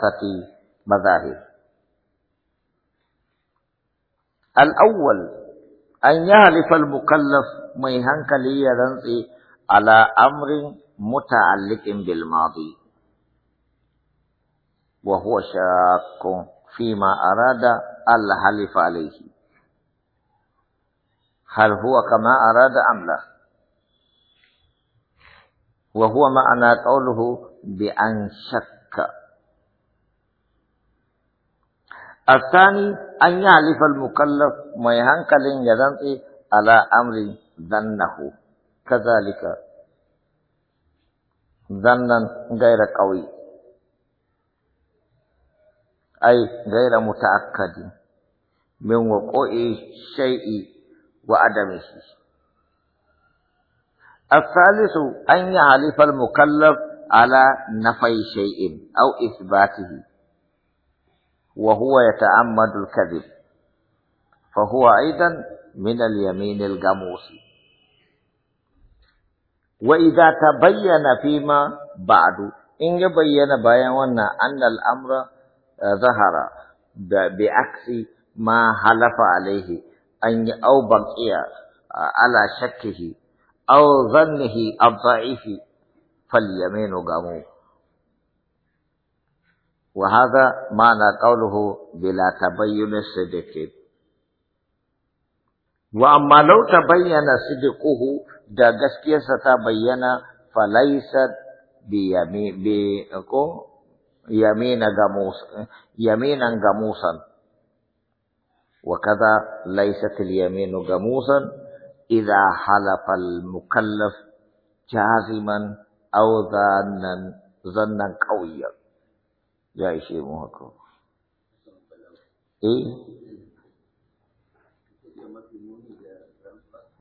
ثلاثة مذاهب الأول أن يهلف المكلف ميهنك لي رنسي على أمر متعلق بالماضي وهو شاك فيما أراد الحلف عليه هل هو كما أراد أم لا وهو معنى قوله بأن شك الثاني أن يعلف المكلف ما يهنكل يدنطي على أمر ذنه كذلك ظنا غير قوي أي غير متأكد من وقوع الشيء وعدمه الثالث أن يعرف المكلف على نفي شيء أو إثباته وهو يتعمد الكذب فهو أيضا من اليمين الجاموس وإذا تبين فيما بعد إن بين بيانا أن الأمر آه، ظهر بعكس ما حلف عليه أن أو بقي آه، على شكه أو ظنه الضعيف فاليمين جاموس وهذا معنى قوله بلا تبين الصدق وأما لو تبين صدقه دا قسكي ستبين فليست بيمين يمين يمينا غموسا وكذا ليست اليمين غموسا إذا حلف المكلف جازما أو ظنا ظنا قويا ya ishe mu haka eh